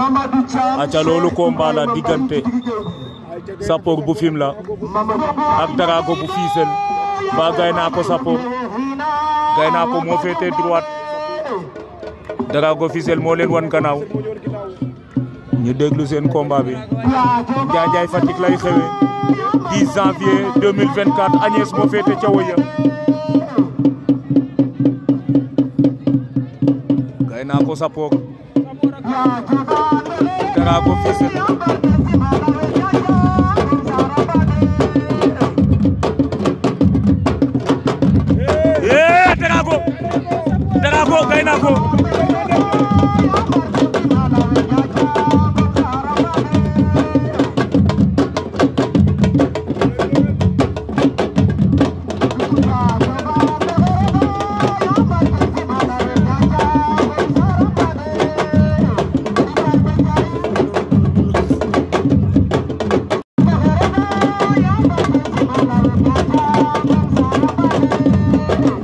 aca loolu combat diggante Sapeur bu Fimela ak Darago bu Fissel ba Gaynako Sapeur Gaynako moo féete droite Darago Fissel moo leen wan gannaaw ñu déglu seen combat bi Njaanjaay Fatick lay xewe 10 janvier 2024 Agnès moo féete ca woya Gaynako Sapeur drapeau Fessel eh drapeau drapeau gay na ko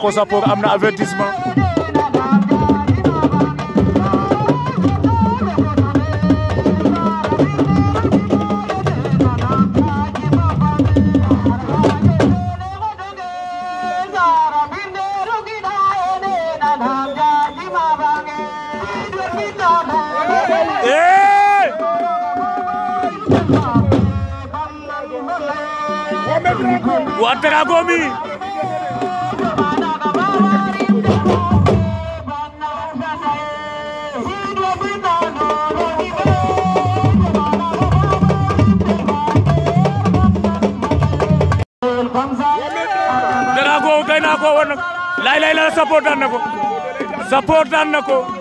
ko Sapeur am na avertissement Yeah! waa Trago mi Trago kay naa ko woon nag lay lay la support daan na ko support daan na ko